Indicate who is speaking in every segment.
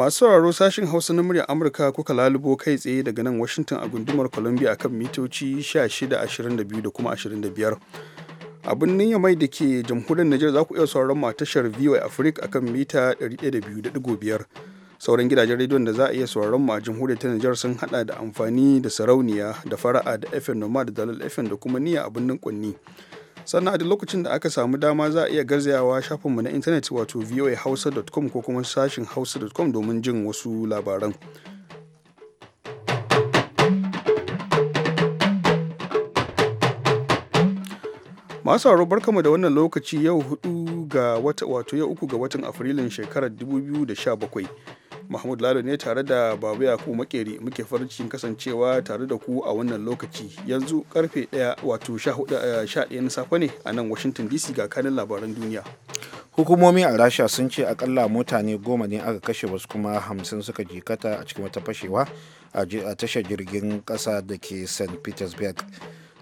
Speaker 1: masu sauraro sashin hausa na muryar amurka kuka lalubo kai tsaye daga nan washington a gundumar columbia akan mitoci 1622 da kuma 25 abin ninya mai da ke jamhuriyar niger za ku iya sauraron tashar voa africa akan mita 102.5 sauran gidajen rediyon da za a iya sauraron mu a jamhuriyar ta niger sun hada da amfani da sarauniya da fara'a da fm nomad da dalal fm da kuma niyya abin birnin kunni sannan a duk lokacin da aka samu dama za a iya garzayawa shafinmu na intanet wato voahausa.com ko kuma sashin hausa.com domin jin wasu labaran masu sauraro barkamu da wannan lokaci yau hudu ga wata wato yau uku ga watan afrilun shekarar 2017 mahmud lalo ne tare da babu yakubu makeri muke farin cikin kasancewa tare da ku a wannan lokaci yanzu karfe 1 wato 11 eh, na safe ne a nan washington dc ga kanin labaran duniya
Speaker 2: hukumomi a rasha sun ce akalla mutane goma ne aka kashe wasu kuma hamsin suka jikata a cikin wata fashewa a tashar jirgin kasa da ke st petersburg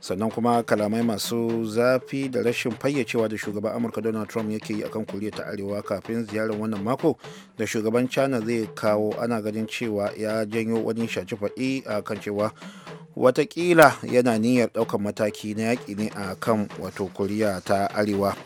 Speaker 2: sannan kuma kalamai masu zafi da rashin fayyacewa da shugaban amurka donald trump yake yi akan koriya ta arewa kafin ziyarar wannan mako da shugaban china zai kawo ana ganin cewa ya janyo wani shaci faɗi a kan cewa watakila yana niyyar ɗaukar mataki na yaƙi ne a kan wato kuriya ta arewa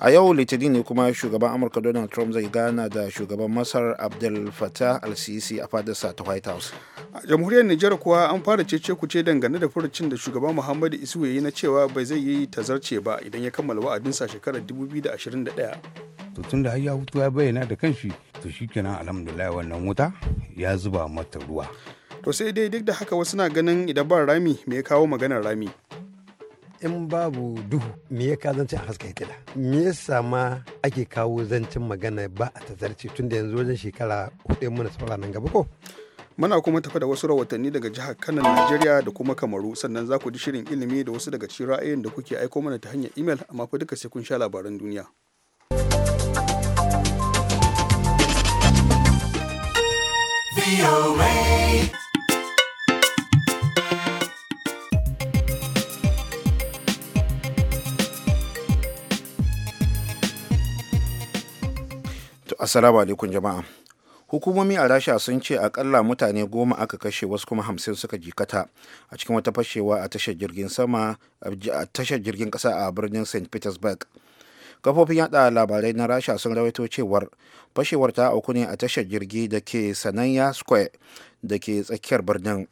Speaker 2: a yau litini ne kuma shugaban amurka donald trump zai gana da shugaban masar abdel fattah al-sisi a fadarsa ta white house
Speaker 1: a jamhuriyar nijar kuwa an fara cece kuce dangane da furucin da shugaban muhammadu isu ya yi na cewa bai zai yi tazarce ba idan ya kammala wa'adinsa shekarar 2021
Speaker 3: to tun da har ya hutu ya bayyana da kanshi to shikenan alhamdulillah wannan wuta ya zuba mata ruwa
Speaker 1: to sai dai duk da haka wasu na ganin idan ba rami me ya kawo maganar rami
Speaker 4: in babu duhu me ya ka zancen haska hitila me ya ma ake kawo zancen magana ba a tazarce tun da yanzu wajen shekara hudu muna saura nan gaba ko
Speaker 1: muna kuma tafa da wasu rawatanni daga jihar kano najeriya da kuma kamaru sannan za ku ji shirin ilimi da wasu daga cikin ra'ayin da kuke aiko mana ta hanyar imel amma fa duka sai kun sha labaran duniya
Speaker 2: Assalamu alaikum jama'a. Hukumomi a Rasha sun ce akalla mutane goma aka kashe wasu kuma hamsin suka jikata a cikin wata fashewa a tashar jirgin sama a tashar jirgin kasa a birnin St. Petersburg. Kafofin yada labarai na Rasha sun rawaito cewar fashewar ta auku ne a tashar jirgi da ke Sananya Square da ke tsakiyar birnin.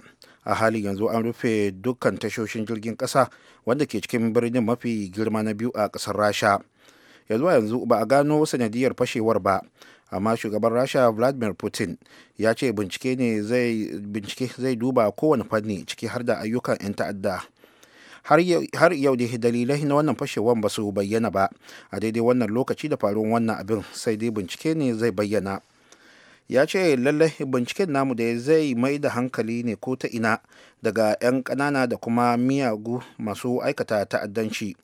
Speaker 2: a halin yanzu an rufe dukkan tashoshin jirgin kasa wanda ke cikin birnin mafi girma na biyu a ƙasar rasha ya zuwa yanzu ba a gano sanadiyar fashewar ba amma shugaban rasha vladimir putin ya ce bincike ne zai duba kowane fanni ciki har da ayyukan 'yan ta'adda har yau da dalilai na wannan fashewar ba su bayyana ba a daidai wannan lokaci da faruwar wannan abin sai dai bincike ne zai bayyana ya ce lallai binciken namu da zai mai da hankali ne ko ta ina daga 'yan ƙanana da kuma miyagu masu aikata ta'addanci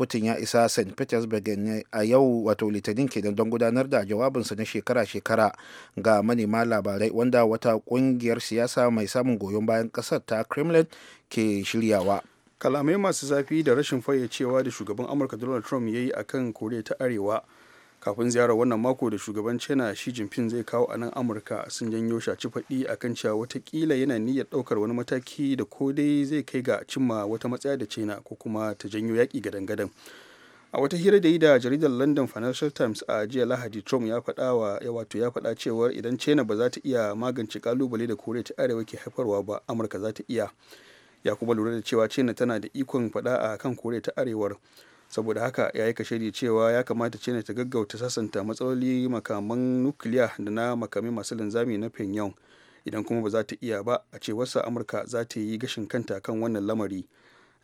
Speaker 2: putin ya isa st petersburg a yau wato litinin kenan don gudanar da jawabinsa na shekara-shekara ga manema labarai wanda wata kungiyar siyasa
Speaker 1: mai samun goyon bayan kasar ta kremlin ke shiryawa kalamai masu zafi da rashin fayyacewa da shugaban amurka donald trump ya yi a kan koriya ta arewa kafin ziyarar wannan mako da shugaban china shi jinping zai kawo a nan amurka sun janyo shaci faɗi a kan cewa watakila yana niyyar ɗaukar wani mataki da ko dai zai kai ga cimma wata matsaya da china ko kuma ta janyo yaƙi gadan-gadan a wata hira da yi da jaridar london financial times a jiya lahadi trump ya faɗa wa ya wato ya faɗa cewa idan china ba za ta iya magance kalubale da koriya ta arewa ke haifarwa ba amurka za ta iya ya kuma lura da cewa china tana da ikon faɗa a kan koriya ta arewar saboda haka ya yi kashedi cewa ya kamata china ta gaggauta sasanta matsaloli makaman nukiliya da na makamai masu linzami na pyongyang idan kuma ba za ta iya ba a ce cewarsa amurka za ta yi gashin kanta kan wannan lamari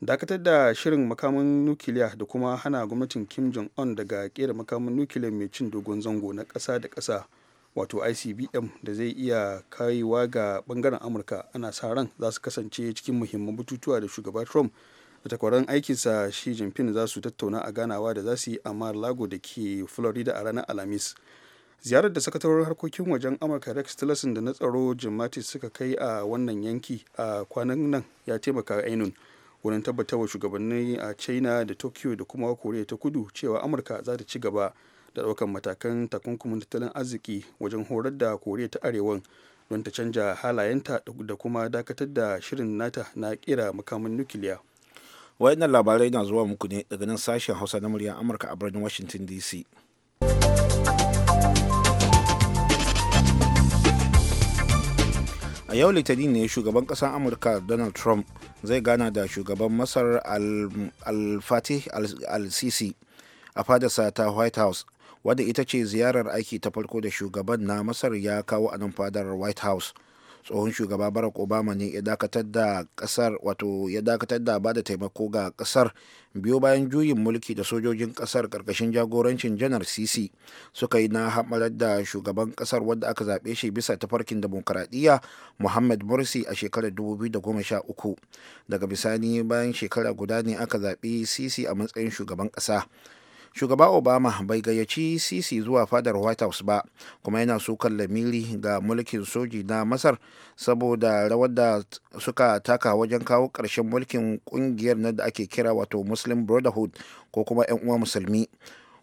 Speaker 1: dakatar da shirin makaman nukiliya da kuma hana gwamnatin kim jong un daga kera makaman nukiliya mai cin dogon zango na ƙasa da kasa wato icbm da zai iya kaiwa ga bangaren amurka ana sa ran za su kasance cikin muhimman bututuwa da shugaba trump da takwaran aikinsa shi jinfin za su tattauna a ganawa da za su yi a mar-lago da ke florida a ranar alhamis ziyarar da sakataren harkokin wajen amurka rex tillerson da na tsaro jim suka kai a wannan yanki a kwanan nan ya taimaka ainun wurin tabbatarwa shugabanni a china da tokyo da kuma koriya ta kudu cewa amurka za ta ci gaba da ɗaukar matakan takunkumin tattalin arziki wajen horar da koriya ta arewan don ta canja halayenta da kuma dakatar da shirin nata na kira makamin nukiliya wayannan labarai
Speaker 2: na zuwa muku ne daga nan sashen hausa na muryar amurka a birnin washington dc a yau litinin ne shugaban kasar amurka donald trump zai gana da shugaban masar al-fatih al-sisi a fadarsa ta white house wadda ita ce ziyarar aiki ta farko da shugaban na masar ya kawo a nan fadar white house tsohon shugaba barack obama ne ya dakatar da kasar wato ya dakatar da ba da taimako ga kasar biyo bayan juyin mulki da sojojin kasar karkashin jagorancin janar sisi suka yi na hamalar da shugaban kasar wadda aka zaɓe shi bisa tafarkin demokuraɗiyya muhammad morsi a shekarar 2013 daga bisani bayan shekara guda ne aka zaɓi sisi a matsayin shugaban ƙasa shugaba obama bai gayyaci sisi zuwa fadar white house ba kuma yana sukan lamiri ga mulkin soji na masar saboda rawar da suka taka wajen kawo ƙarshen mulkin ƙungiyar na da ake kira wato muslim brotherhood ko kuma 'yan uwa musulmi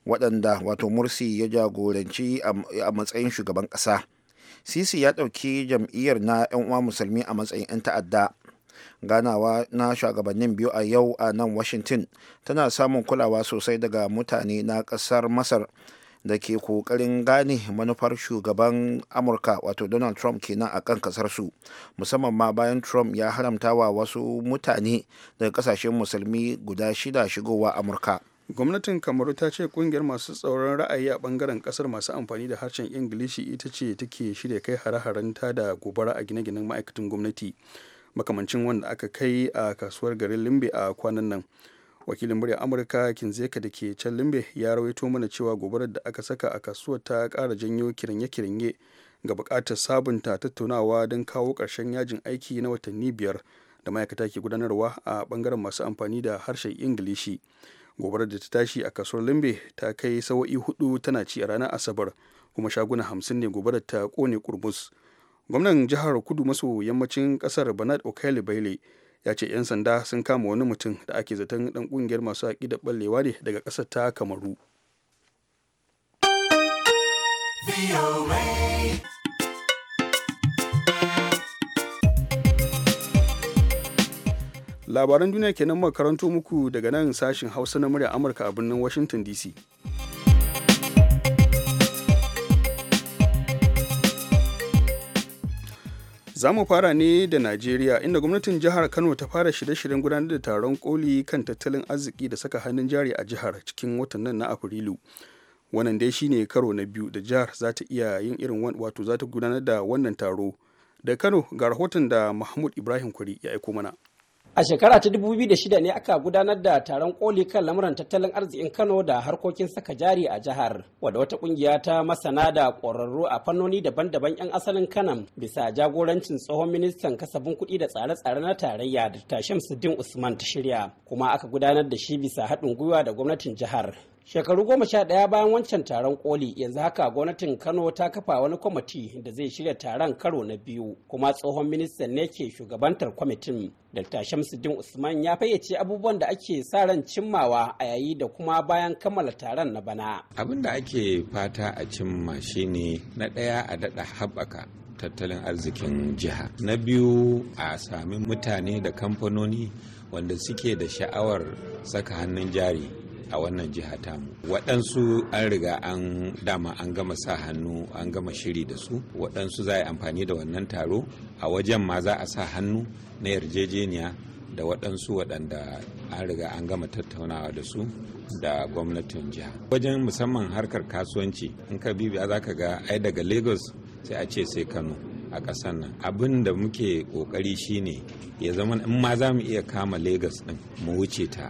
Speaker 2: waɗanda wato mursi ya jagoranci a matsayin shugaban ƙasa sisi ya ɗauki jam'iyyar na 'yan uwa musulmi a matsayin 'yan ta'adda ganawa na shugabannin biyu a yau a nan washington tana samun kulawa sosai daga mutane na kasar masar da ke kokarin gane manufar shugaban amurka wato donald trump kenan a kan kasarsu musamman ma bayan trump ya haramta wa wasu mutane daga kasashen musulmi guda shida
Speaker 1: shigowa amurka gwamnatin kamaru ta ce kungiyar masu tsauran ra'ayi a bangaren kasar masu amfani da harshen ingilishi ita ce take shirya kai hare-haren ta da gobara a gine-ginen ma'aikatan gwamnati makamancin wanda aka kai a kasuwar garin limbe a kwanan nan wakilin murya amurka kinzeka da ke can limbe ya rawaito mana cewa gobarar da aka saka a kasuwar ta kara janyo kiranye-kiranye ga bukatar sabunta tattaunawa don kawo karshen yajin aiki na watanni biyar da ma'aikata ke gudanarwa a bangaren masu amfani da harshen ingilishi gobarar da ta tashi a kasuwar limbe ta kai sawa'i hudu tana ci a ranar asabar kuma shaguna hamsin ne gobarar ta kone kurbus gwamnan jihar kudu maso yammacin kasar bernard okeli baile ya ce 'yan sanda sun kama wani mutum da ake zaton dan kungiyar masu haƙi da ɓallewa ne daga ƙasar ta kamaru labaran duniya kenan makaranto muku daga nan sashen hausa na murya amurka a birnin washington dc Za mu fara ne da Najeriya inda gwamnatin jihar Kano ta fara shirye-shiryen gudanar da taron koli kan tattalin arziki da saka hannun jari a jihar cikin watan nan na Afrilu. Wannan dai shine karo na biyu da jihar za ta iya yin irin wato za ta gudanar da wannan taro. Da Kano ga rahoton da Mahmud Ibrahim Kwari ya aiko mana.
Speaker 5: A shekara ta dubu biyu da 2006 ne aka gudanar da taron koli kan lamuran tattalin arzikin Kano da harkokin saka jari a jihar, wadda wata kungiya ta masana da ƙwararru a fannoni daban-daban 'yan asalin Kanan bisa jagorancin tsohon ministan kasafin kuɗi da tsare-tsare na tarayya da Tashim Usman ta shirya, kuma aka gudanar da shi bisa haɗin gwiwa da gwamnatin jihar. shekaru goma sha ɗaya bayan wancan taron koli yanzu haka gwamnatin kano ta kafa wani kwamiti da zai shirya taron karo na biyu kuma tsohon ministan ne ke shugabantar kwamitin dr shamsuddin usman ya fayyace abubuwan da ake sa ran cimmawa a yayi da kuma bayan kammala taron na bana
Speaker 6: abin da ake fata a cimma shine na ɗaya a daɗa haɓaka tattalin arzikin jiha na biyu a sami mutane da kamfanoni wanda suke da sha'awar saka hannun jari a wannan jiha tamu waɗansu an riga an dama an gama sa hannu an gama shiri da su waɗansu za a yi amfani da wannan taro a wajen ma za a sa hannu na yarjejeniya da waɗansu waɗanda an riga an gama tattaunawa da su da gwamnatin jiha wajen musamman harkar kasuwanci in ka bibiya za ka ga ai daga lagos sai a ce sai kano a ƙasar nan abin da muke ƙoƙari shine ya zama in ma za mu iya kama lagos ɗin mu wuce ta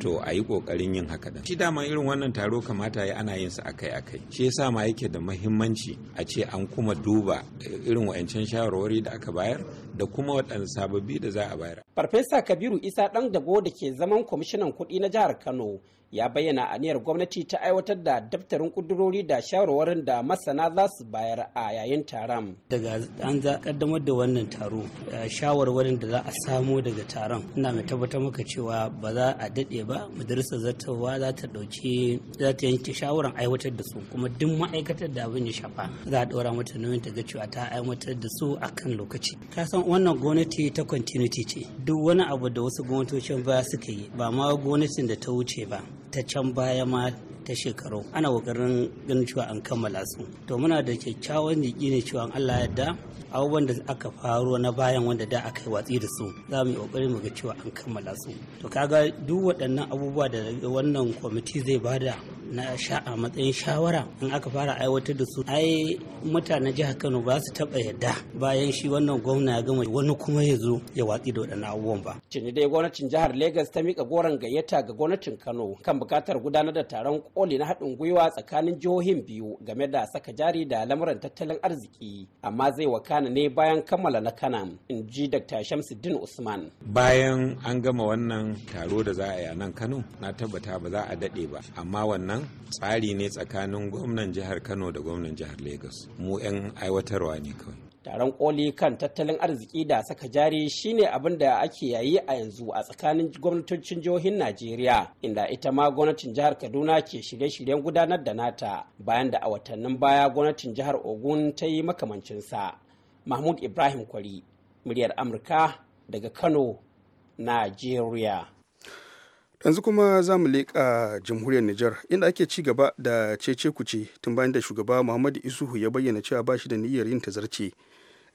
Speaker 6: to a yi kokarin yin haka da shi dama irin wannan taro kamata ya ana yin su akai akai shi yasa ma yake da muhimmanci a ce an kuma duba irin wa'ancan shawarwari da aka bayar da kuma waɗanda sababbi da za a bayar.
Speaker 5: Farfesa Kabiru Isa ɗan dago da ke zaman kwamishinan kuɗi na jihar Kano ya bayyana aniyar gwamnati ta aiwatar da daftarin kudurori da shawarwarin da masana za su bayar a yayin taron. Daga an za kaddamar da wannan taro shawarwarin da za a samo daga taron ina mai tabbatar maka cewa ba za a daɗe ba majalisar zartarwa za ta ɗauki za ta yanke shawarar aiwatar da su kuma duk ma'aikatar da abin ya shafa za a ɗora mata nauyin ta ga cewa ta aiwatar da su akan lokaci. wannan gwamnati ta continuity ce duk wani abu da wasu gwamnatocin baya suka yi ba ma gwamnatin da ta wuce ba ta can baya ma ta shekaru ana kokarin ganin cewa an kammala su to muna da kyakkyawan jiki ne cewa Allah yarda abubuwan da aka faro na bayan wanda da aka yi watsi da su za mu yi kokari mu ga cewa an kammala su to kaga duk waɗannan abubuwa da wannan kwamiti zai bada na sha a matsayin shawara in aka fara aiwatar da su ai mutane jihar Kano ba su taba yadda bayan shi wannan gwamna ya gama wani kuma ya zo ya watsi da waɗannan abubuwan ba. Cini dai gwamnatin jihar Legas ta mika goron gayyata ga gwamnatin Kano kan bukatar gudanar da taron koli na haɗin gwiwa tsakanin jihohin biyu game da saka jari da lamuran tattalin arziki amma zai wakana ne bayan kammala na Kana in ji Dr. Shamsuddin Usman.
Speaker 6: Bayan an gama wannan taro da za a yi a nan Kano na tabbata ba za a daɗe ba amma wannan tsari ne tsakanin gwamnan jihar kano da gwamnan jihar lagos mu 'yan aiwatarwa ne kawai taron koli kan tattalin arziki da
Speaker 5: saka jari shine abin da ake yayi a yanzu a tsakanin gwamnatocin jihohin najeriya inda ita ma gwamnatin jihar kaduna ke shirye-shiryen gudanar da nata bayan da a watannin baya gwamnatin jihar ogun ta yi makamancinsa mahmud ibrahim kwari muryar amurka daga kano najeriya
Speaker 1: yanzu kuma za mu leƙa jamhuriyar Nijar inda ake ci gaba da cece kuce tun bayan da shugaba Muhammadu Isuhu ya bayyana cewa ba shi da niyyar yin tazarce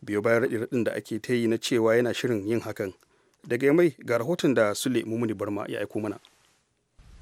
Speaker 1: biyo bayan raɗi-raɗin da ake ta yi na cewa yana shirin yin hakan daga mai ga rahoton da Sule Mumuni Barma ya aiko mana.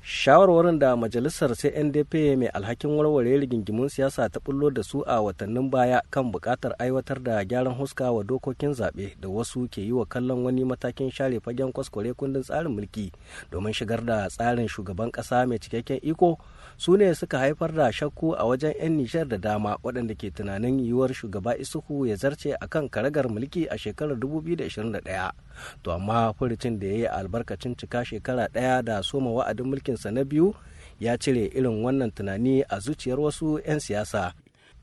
Speaker 7: shawarwarin da majalisar cndp mai alhakin warware rigingimun siyasa ta bullo da su a watannin baya kan bukatar aiwatar da gyaran huska wa dokokin zaɓe da wasu ke yi wa kallon wani matakin share fagen kwaskware kundin tsarin mulki domin shigar da tsarin shugaban ƙasa mai cikakken iko su ne suka haifar da shakku a wajen 'yan nishar da dama waɗanda ke tunanin yiwuwar shugaba isuhu ya zarce a kan karagar mulki a shekarar 2021 to amma furucin da ya yi albarkacin cika shekara ɗaya da soma wa'adin mulkinsa na biyu ya cire irin wannan tunani a zuciyar wasu 'yan siyasa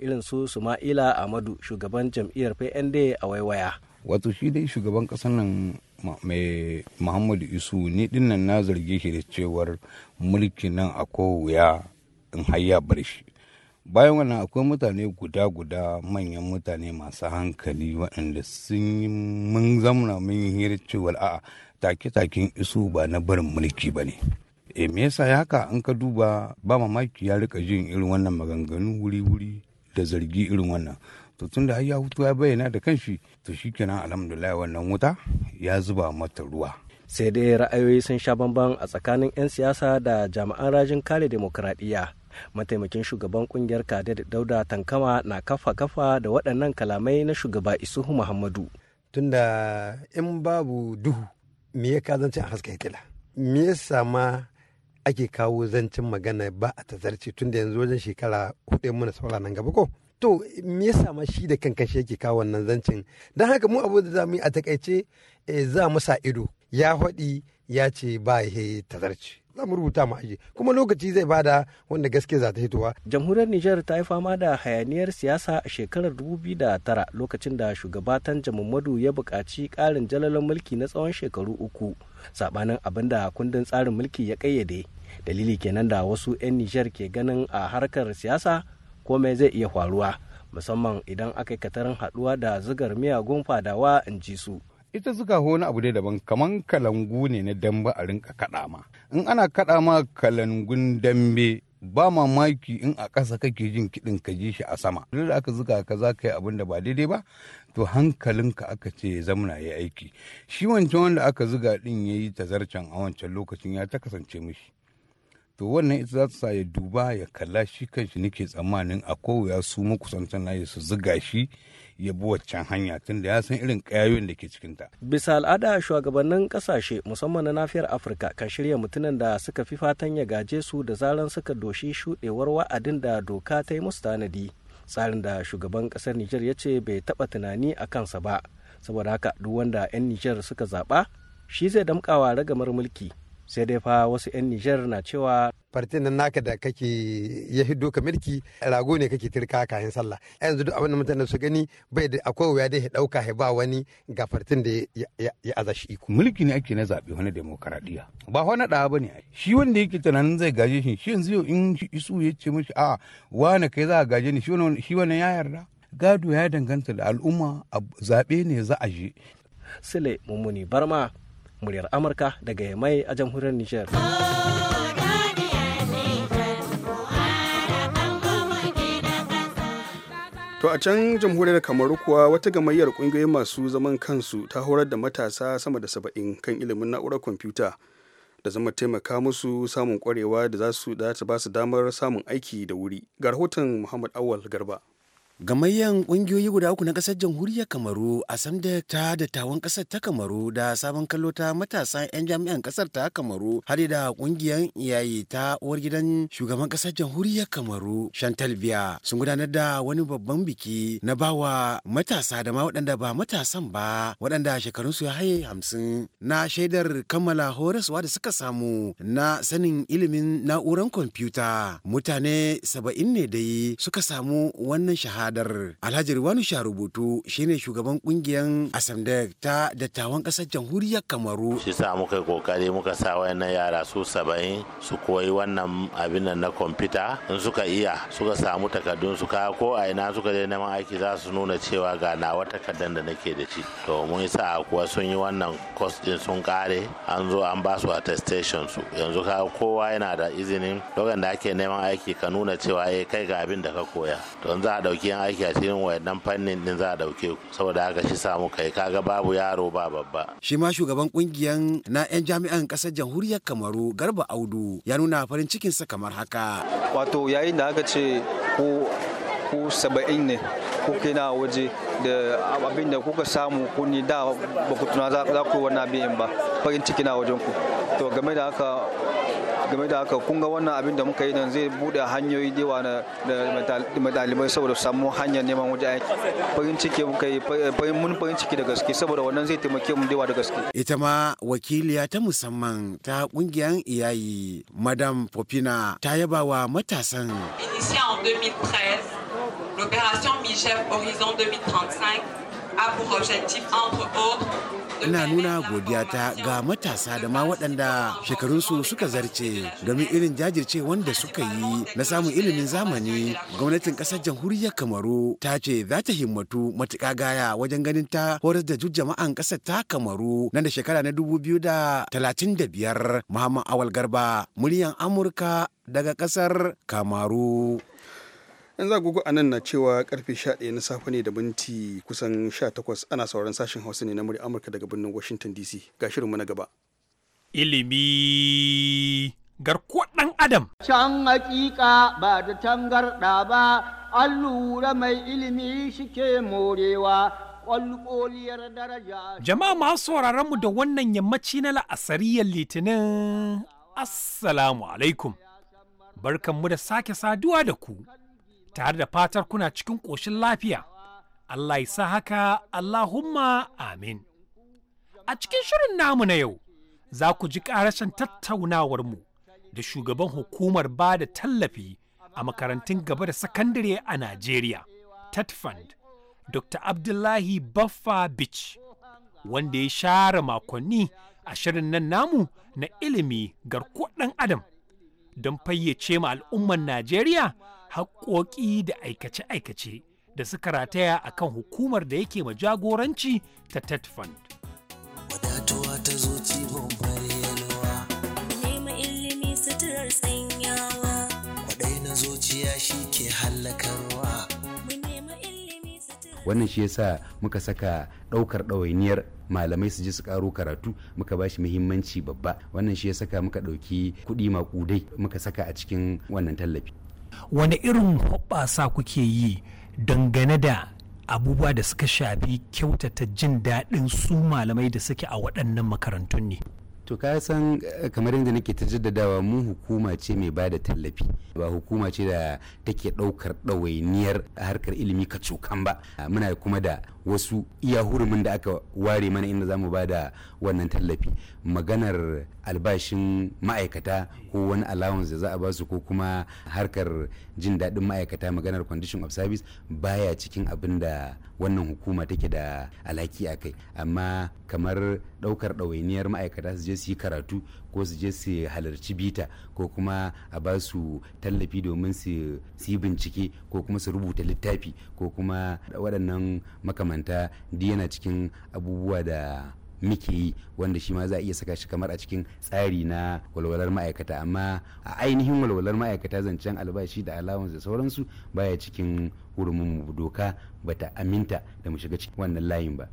Speaker 7: irin su suma'ila amadu shugaban jam'iyyar pnd a waiwaya
Speaker 3: wato shi dai shugaban ƙasar nan mai muhammadu isu ni dinnan na zarge shi da cewar mulki nan a wuya in hayya bar shi bayan wannan akwai mutane guda-guda manyan mutane masu hankali waɗanda sun yi mun zamuna mun yi hira cewar a'a take-taken isu ba na barin mulki ba ne e me yasa ya haka in ka duba ba mamaki ya rika jin irin wannan maganganu wuri-wuri da zargi irin wannan to tun da har ya hutu ya bayyana da kanshi to kenan alhamdulillah wannan wuta ya zuba mata ruwa sai dai ra'ayoyi sun sha bamban a tsakanin 'yan
Speaker 7: siyasa da jami'an rajin kare demokradiyya mataimakin shugaban kungiyar kadir dauda tankama na kafa kafa da waɗannan kalamai na shugaba isuhu muhammadu tunda
Speaker 4: in babu duhu me ya ka zancen haska hitila me yasa ma ake kawo zancen magana ba a tazarci tunda yanzu wajen shekara hudu muna saura nan gaba ko to me yasa ma shi da kankashi yake kawo wannan zancin don haka mu abu da za mu yi a takaice eh, za mu sa ido ya faɗi ya ce ba ya tazarci
Speaker 7: za mu rubuta mu aji kuma lokaci zai bada wanda gaske za ta hituwa jamhuriyar niger ta yi fama da hayaniyar siyasa a shekarar 2009 lokacin da shugabatan jamhuriyar ya buƙaci ƙarin jalalan mulki na tsawon shekaru uku sabanin abin da kundin tsarin mulki ya ƙayyade dalili kenan da wasu 'yan niger ke ganin a harkar siyasa komai zai iya faruwa musamman idan aka yi katarin haɗuwa da zugar miyagun fadawa in ji su
Speaker 3: ita suka wani abu dai daban kaman kalangu ne na dambe a rinka kaɗa ma in ana kaɗa ma kalangun dambe ba mamaki in a ƙasa kake jin kiɗin ka ji shi a sama duk da aka zuga ka za ka yi abin da ba daidai ba to hankalinka aka ce ya zamna ya aiki shi wancan wanda aka zuga ɗin ya yi tazarcen a wancan lokacin ya ta kasance mishi to wannan ita za ta sa ya duba ya kalla shi kanshi nake tsammanin a kowaya su makusantan na su ziga shi ya bi waccan hanya tun da ya san irin kayayoyin da ke cikinta.
Speaker 7: Bisa al'ada shugabannin kasashe musamman na nafiyar Afirka kan shirya mutumin da suka fi fatan ya gaje su da zaran suka doshi shuɗewar wa'adin da doka ta yi musu tanadi. Tsarin da shugaban ƙasar Nijar ya ce bai taɓa tunani a kansa ba, saboda haka duk wanda 'yan Nijar suka zaɓa shi zai damƙawa ragamar mulki sai dai fa wasu 'yan
Speaker 4: nijar na cewa fartin nan naka da kake ya hiddo ka milki rago ne kake tirka
Speaker 3: kayan sallah yanzu duk abinda mutane su gani bai da akwai wuya dai ya dauka ya ba wani ga fartin da ya aza shi iko mulki ne ake na zabe wani demokaradiyya ba wani da bane shi wanda yake tunanin zai gaje shi shi yanzu in isu ya ce mishi a wani kai za a gaje ni shi wani ya yarda gado ya danganta da al'umma zaɓe ne za a je
Speaker 7: sile mummuni barma muryar amurka daga yamai a jamhuriyar nijar
Speaker 1: To a can jamhuriyar Kamaru kuwa wata gamayyar kungiyoyin masu zaman kansu ta horar da matasa sama da saba'in kan ilimin na'urar kwamfuta da zama taimaka musu samun kwarewa da za su ba su damar samun aiki da wuri. Ga rahoton Muhammad Awal Garba.
Speaker 8: Gamayyan ƙungiyoyi guda uku na ƙasar jamhuriyar Kamaru a samda ta dattawan ƙasar ta Kamaru da sabon kallo ta matasan 'yan jami'an ƙasar ta Kamaru hade da ƙungiyar iyaye ta uwar gidan shugaban ƙasar jamhuriyar Kamaru Chantal Biya sun gudanar da wani babban biki na bawa matasa da ma waɗanda ba matasan ba waɗanda shekarunsu ya haye hamsin na shaidar kammala horaswa da suka samu na sanin ilimin na'uran kwamfuta mutane saba'in ne dai suka samu wannan shahara. shahadar alhaji riwanu rubutu shine shugaban kungiyar asamdek ta
Speaker 2: dattawan kasar jamhuriyar kamaru shi sa muka yi kokari muka sa wayannan yara su saba'in su koyi wannan abin nan na kwamfuta in suka iya suka samu takardun su kawo ko a ina suka je neman aiki za su nuna cewa ga nawa takardar da nake da shi to mun sa kuwa sun yi wannan kwas din sun kare an zo an ba su attestation su yanzu ka kowa yana da izinin lokacin da ake neman aiki ka nuna cewa eh kai ga abin da ka koya don za a dauki yin aiki a cikin wayannan fannin din za a dauke ku saboda haka shi samu kai kaga babu yaro ba babba
Speaker 8: shi ma shugaban kungiyan na yan jami'an kasar jamhuriyar kamaru garba audu ya nuna farin sa kamar haka
Speaker 7: wato yayin da aka ce ko ko saba'in ne ko kina waje da abin da kuka samu ko ni da ba ku tuna za ku wani abin ba farin ciki na wajen ku to game da haka game da haka kun ga wannan abin da muka yi nan zai bude hanyoyi da yawa da dalibai saboda samu hanyar neman wajen aiki farin ciki muka yi mun farin ciki da gaske saboda wannan zai taimake mu da yawa da gaske
Speaker 8: ita ma wakiliya ta musamman ta kungiyar iyayi madam popina ta yaba wa matasan
Speaker 5: L'opération MIGEF Horizon 2035 a pour objectif entre autres
Speaker 8: ina nuna godiyata ga matasa da ma waɗanda shekarunsu suka zarce game irin jajirce wanda suka yi na samun ilimin zamani gwamnatin ƙasar jamhuriyar kamaru ta ce za ta himmatu matuƙa gaya wajen ganin ta horar da jama'an ƙasar ta kamaru nan da shekara na dubu biyu da talatin da biyar muhammad awal garba muryan amurka daga ƙasar kamaru.
Speaker 1: yan agogo a nan na cewa karfe 11 na safe ne da minti kusan 18 ana sauran sashen hausa ne na murya amurka daga birnin washington dc ga shirinmu na gaba ilimi garkuwar dan adam
Speaker 9: can hakika ba da tangarɗa ba allura
Speaker 10: mai ilimi shike morewa Jama'a masu sauraron mu da wannan yammaci na la'asariyar litinin Assalamu alaikum. Barkanmu da sake saduwa da ku tare da fatar kuna cikin ƙoshin lafiya. Allah ya sa haka Allahumma amin. A cikin shirin namu na yau, za ku ji ƙarashin tattaunawarmu da shugaban hukumar ba da tallafi a makarantun gaba da sakandare a Najeriya, Tetfund, Dr. Abdullahi Baffa Beach, wanda ya share makonni a shirin nan namu na ilimi garkuwar ɗan Adam don fayyace ma al'umman Najeriya haƙoƙi da aikace-aikace da suka rataya a kan hukumar da yake ma jagoranci ta tet fund.
Speaker 8: shi ke
Speaker 4: wannan shi yasa muka saka ɗaukar ɗawainiyar malamai su ji su ƙaro karatu muka bashi muhimmanci babba wannan shi ya saka muka ɗauki kuɗi maƙudai muka saka a cikin wannan tallafi
Speaker 10: wani irin hoɓasa kuke yi dangane da abubuwa da suka shafi kyautata jin daɗin su malamai da suke a waɗannan makarantun ne
Speaker 4: to ka san eh, kamar yadda nake ta jaddadawa mu hukuma ce mai ba da tallafi ba hukuma ce da take ɗaukar ɗawainiyar harkar ilimi ka cokan ba ah, muna kuma da wasu iya hurumin da aka ware mana inda za mu ba da wannan tallafi maganar albashin ma'aikata ko wani allowance da za a basu ko kuma harkar jin daɗin ma'aikata maganar condition of service baya cikin abin da wannan hukuma take da alhaki a kai amma kamar ɗaukar ɗawainiyar ma'aikata su je su yi karatu ko su je su halarci bita ko kuma a ba su tallafi domin su yi bincike ko kuma su rubuta littafi ko kuma waɗannan makamanta duk yana cikin abubuwa da muke yi wanda shi ma za a iya saka shi kamar a cikin tsari na walwalar ma'aikata amma a ainihin walwalar ma'aikata zancen albashi da allowance da sauransu baya cikin hurumin doka bata aminta da mu shiga cikin wannan layin ba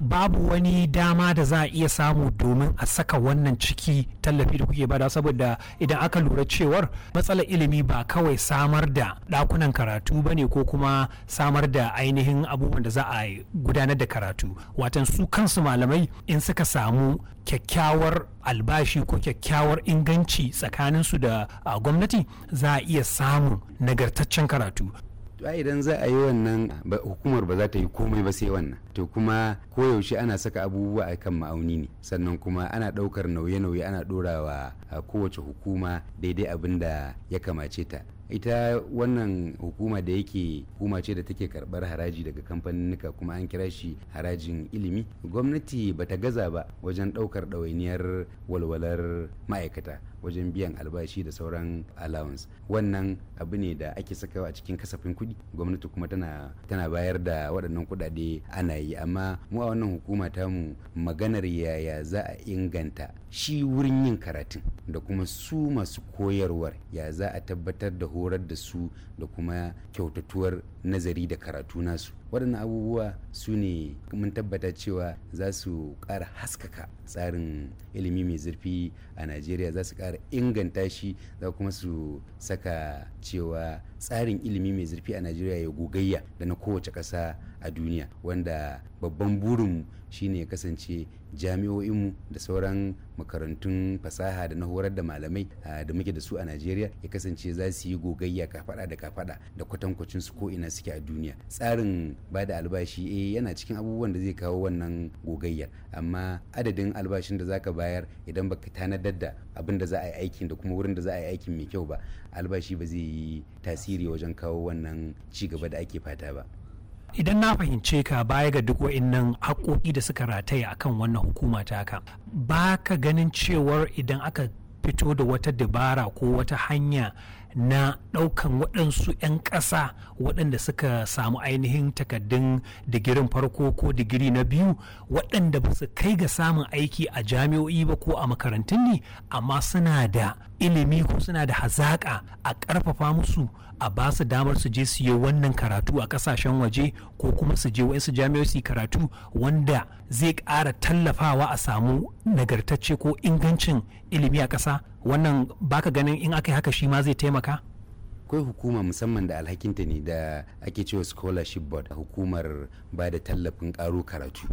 Speaker 6: babu wani
Speaker 10: dama da za a iya samu domin a saka wannan ciki tallafi da kuke bada saboda idan aka lura cewar matsalar ilimi ba kawai samar da dakunan karatu ba ne ko kuma samar da ainihin abubuwan da za a gudanar da karatu watan su kansu malamai in suka samu kyakkyawar albashi ko kyakkyawar inganci tsakaninsu da gwamnati za a iya samun nagartaccen karatu
Speaker 4: to idan za a yi wannan hukumar ba za ta yi komai ba sai wannan to kuma koyaushe ana saka abubuwa a kan ma'auni ne sannan kuma ana ɗaukar nauye-nauye ana ɗorawa kowace hukuma daidai abin da ya kamace ta ita wannan hukuma da yake hukuma ce da take karbar haraji daga kamfaninnika kuma an kira shi harajin ilimi gwamnati bata gaza ba wajen daukar ɗawainiyar walwalar ma'aikata wajen biyan albashi da sauran allowance wannan abu ne da ake sakawa a cikin kasafin kuɗi gwamnati kuma tana tana bayar da waɗannan kuɗaɗe ana yi amma mu a wannan hukuma mu maganar yaya za a inganta shi wurin yin karatun da kuma su masu koyarwar ya za a tabbatar da horar da su da kuma kyautatuwar nazari da karatu nasu waɗannan abubuwa su ne mun tabbata cewa za su ƙara haskaka tsarin ilimi mai zurfi a najeriya za su ƙara inganta shi za kuma su saka cewa tsarin ilimi mai zurfi a najeriya ya gogayya da na kowace ƙasa a duniya wanda babban burin shine ya kasance jami'o'inmu da sauran makarantun fasaha da na horar da malamai da muke da su a najeriya ya kasance za su yi gogayya kafada da kafada da kwatankwacin su ko ina suke a duniya tsarin ba da albashi eh yana cikin abubuwan da zai kawo wannan gogayyar amma adadin albashin da zaka bayar idan baka tanadar da abin da za a yi aikin da kuma wurin da za a yi aikin mai kyau ba albashi ba zai yi tasiri wajen kawo wannan ci gaba da ake
Speaker 10: fata ba idan na fahimce ka baya ga duk wa'innan haƙoƙi da suka rataye akan wannan hukuma taka ba ka ganin cewar idan aka fito da wata dabara ko wata hanya na ɗaukan waɗansu 'yan ƙasa waɗanda suka samu ainihin takaddun digirin farko ko digiri na biyu waɗanda ba su kai ga samun aiki a jami'o'i ba ko a makarantun ne amma suna da ilimi ko suna da hazaƙa a ƙarfafa musu a ba su damar su je su yi wannan karatu a kasashen waje ko kuma su je wasu jami'o'i su karatu wanda zai kara tallafawa a samu nagartacce ko ingancin ilimi a ƙasa wannan baka ganin in aka yi haka shi ma zai taimaka
Speaker 4: akwai hukuma musamman da alhakinta ne da ake cewa scholarship board hukumar ba da tallafin karo karatu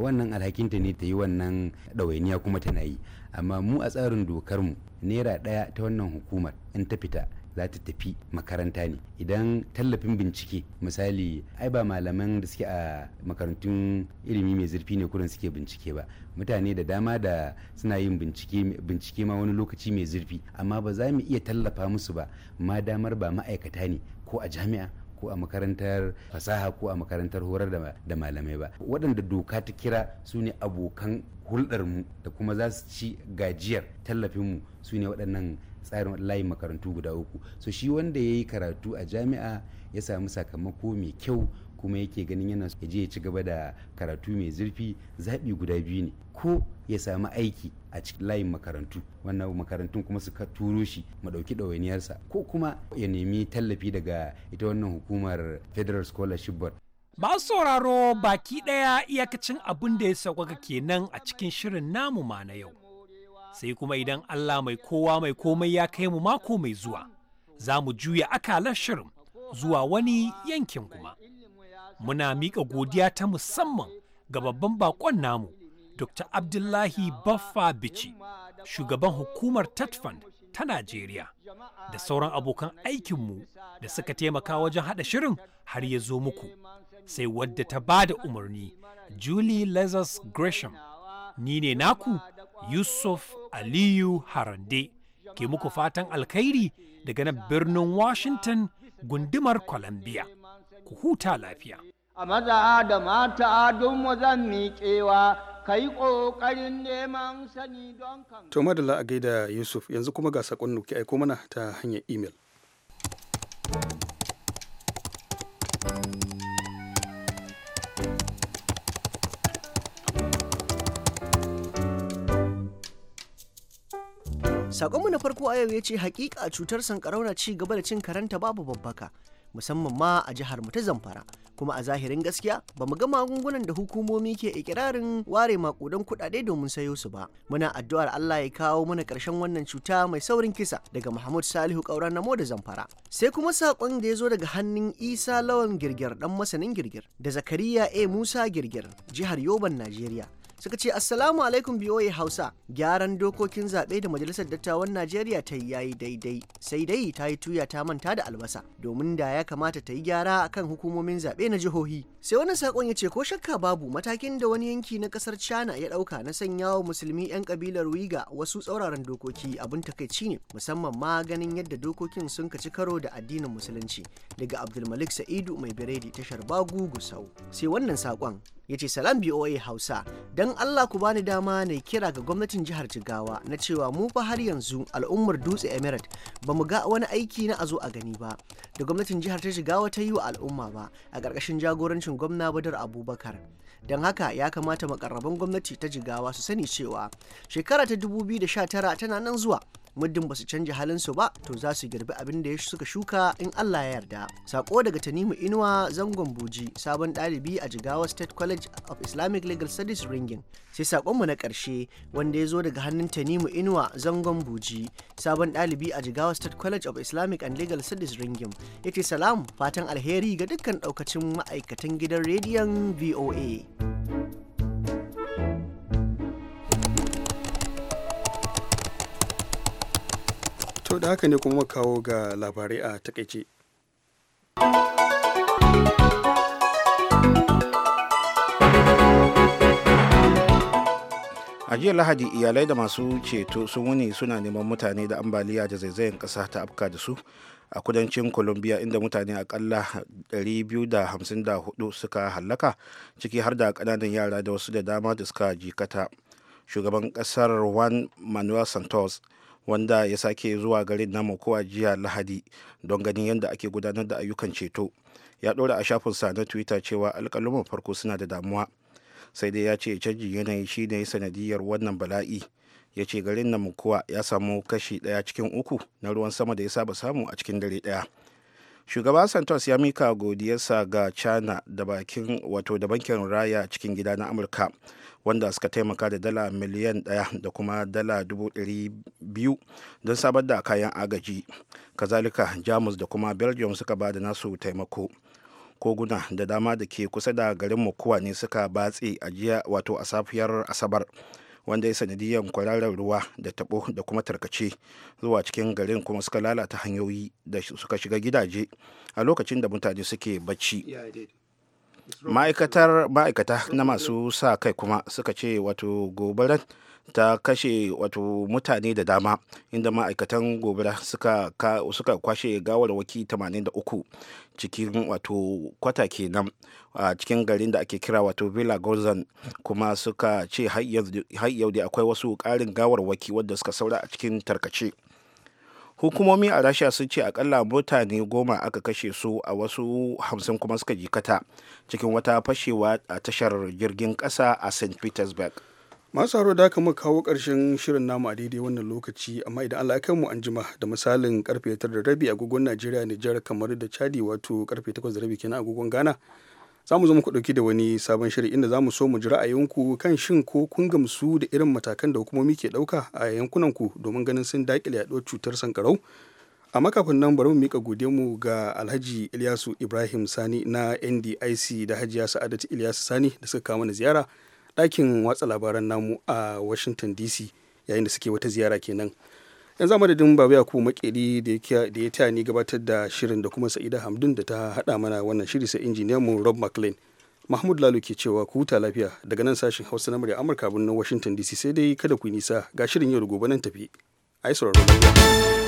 Speaker 4: wannan alhakinta ne ta yi wannan ɗawainiya kuma tana yi amma mu a tsarin dokar mu naira ɗaya ta wannan hukumar in ta fita za ta tafi makaranta ne idan tallafin bincike misali ai ba malaman da suke a makarantun ilimi mai zurfi ne kurin suke bincike ba mutane da dama da suna yin bincike ma wani lokaci mai zurfi amma ba za mu iya tallafa musu ba ma damar ba ma'aikata ne ko a jami'a ko a makarantar fasaha ko a makarantar horar da malamai ba waɗanda doka ta kira su ne abokan hulɗarmu da kuma za su ci gajiyar tallafinmu su ne waɗannan tsarin layin makarantu guda uku so shi wanda ya yi karatu a jami'a ya samu sakamako mai kyau kuma yake ganin yana ya je ya ci gaba da karatu mai zurfi zaɓi guda biyu ne ko ya samu aiki a cikin layin makarantu wannan makarantun kuma su turo shi mu ɗauki ɗawainiyarsa ko kuma ya nemi tallafi daga ita wannan hukumar federal scholarship board
Speaker 10: su sauraro baki ɗaya iyakacin abin da ya sauƙaƙa kenan a cikin shirin namu ma na yau. sai kuma idan Allah mai kowa mai komai ya kai mu mako mai zuwa za mu juya akalar shirin zuwa wani yankin kuma muna miƙa godiya ta musamman ga babban bakon namu Dr. Abdullahi Baffa Bici, shugaban hukumar TatFand ta Najeriya, da sauran abokan aikinmu da suka taimaka wajen haɗa shirin har ya zo muku. Sai wadda ta ba da umarni, Julie Lazarus Gresham, ni ne naku Yusuf Aliyu Harande ke muku fatan alkhairi daga na birnin Washington gundumar Columbia.
Speaker 1: Ku huta lafiya.
Speaker 7: A maza da mata don zan miƙewa ka yi ƙoƙarin neman sani don kan.
Speaker 1: To da la'agai da Yusuf yanzu kuma ga saƙon nuke aiko mana ta hanyar imel.
Speaker 9: Sakonmu na farko a yau ya ce hakika cutar sankarau na ci gaba da cin karanta babu babbaka musamman ma a jihar mu ta Zamfara. Kuma a zahirin gaskiya ba mu ga magungunan da hukumomi ke ikirarin ware makudan kuɗaɗe domin sayo su ba. Muna addu'ar Allah ya kawo mana karshen wannan cuta mai saurin kisa daga Muhammad Salihu Kauran Namo da Zamfara. Sai kuma saƙon da ya zo daga hannun Isa Lawan Girgir dan masanin Girgir da Zakariya A Musa Girgir jihar Yoban Najeriya. suka ce assalamu alaikum biyoyi hausa gyaran dokokin zaɓe da majalisar dattawan najeriya ta yi yayi daidai sai dai ta yi tuya ta manta da albasa domin da ya kamata ta yi gyara akan hukumomin zaɓe na jihohi sai wani sakon ya ce ko shakka babu matakin da wani yanki na kasar china ya ɗauka na sanya wa musulmi 'yan kabilar wiga wasu tsauraran dokoki abin takaici ne musamman ma ganin yadda dokokin sun kaci karo da addinin musulunci daga abdulmalik sa'idu mai biredi tashar bagu gusau sai wannan sakon ya ce salam BOA Hausa don Allah ku bani dama na kira ga gwamnatin jihar Jigawa na cewa mu fa har yanzu al'ummar Dutse Emirate ba mu ga wani aiki na azo a gani ba da gwamnatin jihar ta Jigawa ta yi wa al'umma ba a ƙarƙashin jagorancin gwamna Badar Abubakar. don haka ya kamata makarraban gwamnati ta jigawa su sani cewa shekara ta 2019 tana nan zuwa muddin ba su canja halinsu ba to za su girbi abin da ya suka shuka in Allah ya yarda. Sako daga Tanimu Inuwa zangon Buji sabon ɗalibi a Jigawa State College of Islamic Legal Studies Ringin. Sai sakonmu na ƙarshe wanda ya zo daga hannun Tanimu Inuwa zangon Buji sabon ɗalibi a Jigawa State College of Islamic and Legal Studies Ringin. Yace salam fatan alheri ga dukkan ɗaukacin ma'aikatan gidan rediyon VOA.
Speaker 1: To da haka ne kuma kawo ga labarai a takaice.
Speaker 2: a jiya lahadi iyalai da masu ceto sun wuni suna neman mutane da ambaliya da zaizayen ƙasa ta afka da su a kudancin colombia inda mutane akalla 254 suka hallaka ciki har da kananan yara da wasu da dama da suka jikata shugaban kasar juan manuel santos wanda ya sake zuwa garin na a jiya lahadi don ganin yadda ake gudanar da ayyukan ceto ya ɗora a shafinsa na twitter cewa alƙaluman farko suna da damuwa sai dai ya ce canjin yanayi shine sanadiyar wannan bala'i ya ce garin nan mukuwa ya samu kashi daya cikin uku na ruwan sama da ya saba samu a cikin dare daya shugaba santos ya mika godiyarsa ga china da bakin wato da bankin raya cikin gida na amurka wanda suka taimaka da dala miliyan daya da kuma dala dubu biyu don sabar da kayan agaji kazalika jamus da kuma belgium suka ba da nasu taimako koguna da dama da ke kusa da garin mukuwa ne suka batse a jiya wato a safiyar asabar wanda ya sanadiyar kwararar ruwa da tabo da kuma tarkace zuwa cikin garin kuma suka lalata hanyoyi da suka shiga gidaje a lokacin da mutane suke bacci ma'aikatar ma'aikata na masu sa kai kuma suka ce wato gobarar ta kashe wato mutane da dama inda ma'aikatan gobara suka, suka kwashe gawarwaki 83 cikin wato kwata kenan a cikin garin da ake kira wato villa gozan kuma suka ce har yau da akwai wasu ƙarin waki wadda suka saura a cikin tarkace hukumomi a rasha sun ce akalla mutane goma aka kashe su a wasu hamsin kuma suka
Speaker 1: jikata cikin wata fashewa a tashar jirgin kasa a st petersburg masu haro da kama kawo ƙarshen shirin namu a daidai wannan lokaci amma idan Allah ya mu an jima da misalin karfe 9 da rabi agogon Najeriya Nijar kamar da Chadi wato karfe 8 da rabi kenan agogon Ghana za mu zo muku ɗauki da wani sabon shirin inda za mu so mu ji ra'ayinku kan shin ko kun gamsu da irin matakan da hukumomi ke ɗauka a yankunan ku domin ganin sun daƙile yaɗuwar cutar sankarau a makafin nan bari mu mika gode mu ga alhaji ilyasu ibrahim sani na ndic da hajiya sa'adatu ilyasu sani da suka kawo mana ziyara ɗakin watsa labaran namu a washington dc yayin da suke wata ziyara kenan yanzu madadin babu yakubu makeri da ya taya ni gabatar da shirin da kuma sa'ida hamdun da ta haɗa mana wannan shiri sai injiniyan mu rob mclean mahmud lalo ke cewa ku huta lafiya daga nan sashen hausa na murya amurka birnin washington dc sai dai kada ku nisa ga shirin yau da gobe nan tafi ai sauraron